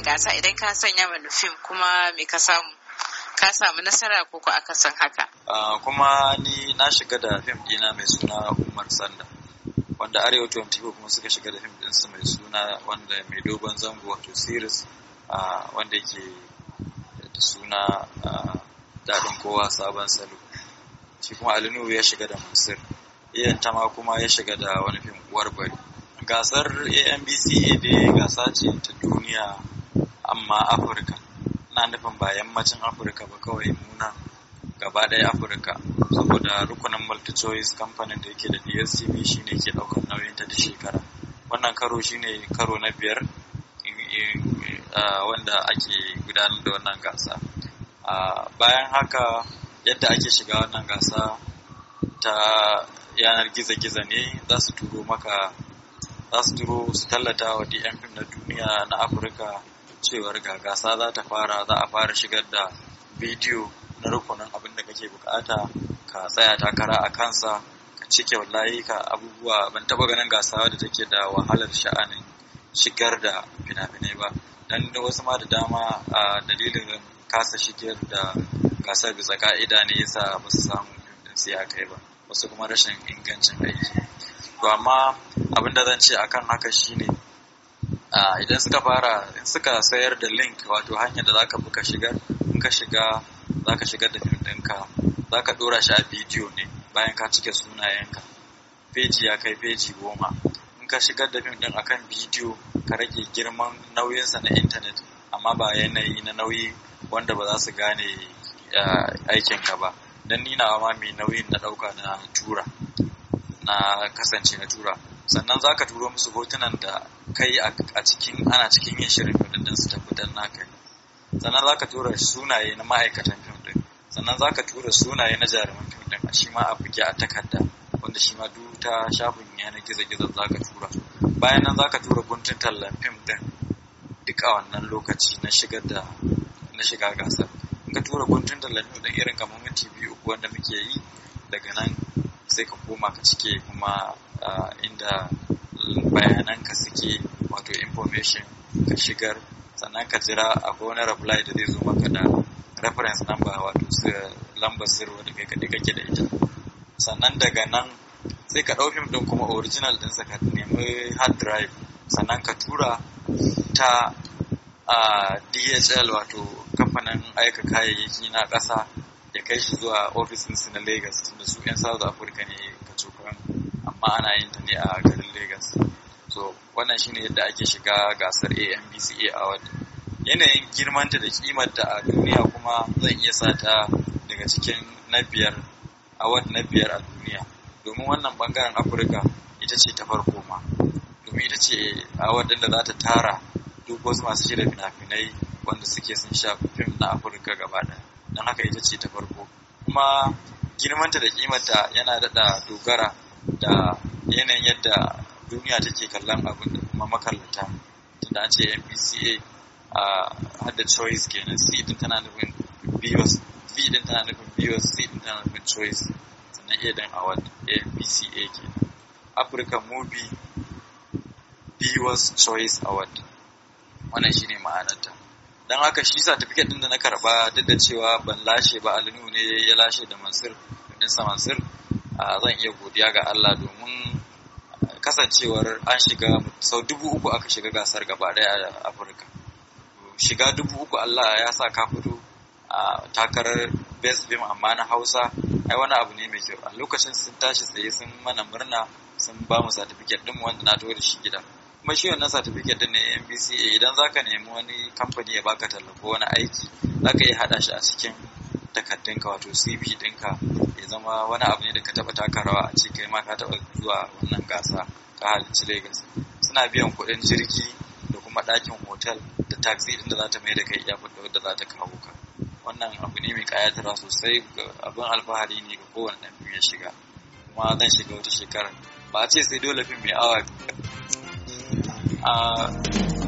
wannan gasa idan ka sanya mana fim kuma me ka samu ka samu nasara ko ko aka san haka kuma ni na shiga da fim dina mai suna Umar Sanda wanda Arewa 24 kuma suka shiga da fim dinsu mai suna wanda mai dogon zango wato series wanda ke da suna daɗin kowa sabon salo shi kuma Alinu ya shiga da Mansur iyan tama kuma ya shiga da wani fim uwar bari gasar ambca dai gasa ce ta duniya amma afirka na nufin ba yammacin afirka ba kawai muna gaba ɗaya afirka saboda rukunin multi-choice kamfanin da yake da dstv shine ke ɗaukar ta da shekara wannan karo shine karo na biyar wanda ake gudanar da wannan gasa bayan haka yadda ake shiga wannan gasa ta yanar gizo-gizo ne za su turo maka za su turo su tallata wa dm na duniya na afirka cewar ga gasa za ta fara za a fara shigar da bidiyo na rukunin abin da kake bukata ka tsaya takara a kansa ka cike wallahi ka abubuwa ban taba ganin gasa da take da wahalar sha'anin shigar da fina-finai ba dan da wasu ma da dama a dalilin kasa shigar da gasar bisa ka'ida ne yasa ba su samu fim siya kai ba wasu kuma rashin ingancin aiki to amma abin da zan ce akan haka shine Ah, idan suka fara suka sayar da link wato hanyar da zaka buka shiga in ka shiga zaka shigar da fim ɗinka zaka ɗora shi a bidiyo ne bayan ka cike sunayenka feji ya kai feji goma in ka shigar da fim ɗin akan bidiyo ka rage girman nauyinsa na intanet amma ba yanayi na nauyi wanda ba za su gane ah, aikinka ba don ni ma mai nauyin na ɗauka na tura na kasance na tura sannan za ka turo musu hotunan da kai a cikin ana cikin yin shirin fim din su tafi dan naka sannan zaka tura sunaye na ma'aikatan fim din sannan zaka tura sunaye na jaruman fim din shi ma a buge a takarda wanda shi ma duk ta shafin yanar gizo-gizo zaka tura bayan nan zaka tura guntun tallan fim din duka wannan lokaci na shigar da na shiga gasar in ka tura guntun tallan fim din irin kamar minti biyu uku wanda muke yi daga nan sai ka koma ka cike kuma ah, inda bayananka suke wato information ka shigar sannan ka jira a wani reply da zai zo maka da reference number wato lambar sirri wadda kai kaɗai kake da ita sannan daga nan sai ka ɗau ɗin kuma original ɗinsa ka nemi hard drive sannan ka tura ta a dhl wato kamfanin aika kayayyaki na ƙasa ya kai shi zuwa ofisinsu na lagos tunda su 'yan south africa ne ka cokan amma ana yin ta ne a garin Legas. So wannan shine yadda ake shiga gasar AMBCA a Yanayin girmanta da kimanta a duniya kuma zan iya sata daga cikin na biyar a na biyar a duniya. Domin wannan bangaren Afirka ita ce ta farko ma. Domin ita ce a din da za ta tara duk wasu masu shirya fina-finai wanda suke sun sha fim na Afirka gaba ɗaya. Don haka ita ce ta farko. Kuma girmanta da kimanta yana daɗa dogara da yanayin yadda duniya take kallon abin da kuma makallata tunda an ce npca a hada choice kenan c din tana nufin bios v din tana nufin bios c din tana nufin choice sannan a din award npca kenan africa movie bios choice award wannan shine ma'anarta don haka shi certificate din da na karba duk da cewa ban lashe ba alinu ne ya lashe da mansur sa mansur zan iya godiya ga Allah domin kasancewar an shiga sau dubu uku aka shiga gasar gaba daya a Afirka shiga dubu uku Allah ya sa ka fito a takarar best beam amma na Hausa ai wani abu ne mai kyau a lokacin sun tashi tsaye sun mana murna sun ba mu certificate din wanda na tawo shi gida kuma shi wannan certificate din ne NBCA idan zaka nemi wani kamfani ya baka tallafo wani aiki zaka iya hada shi a cikin ka wato CV ɗinka ya zama wani abu ne da ka taɓa taka rawa a cikin kai ma ka taɓa zuwa wannan gasa ka halarci Legas. suna biyan kuɗin jirgi da kuma ɗakin hotel da taxi din da za ta mai da kai airport da wadda za ta kawo ka wannan abu ne mai ƙayatarwa sosai ga abin alfahari ne ga kowane ɗan fim ya shiga kuma zan shiga wata shekara ba a ce sai dole fim mai awa biyu. Ah,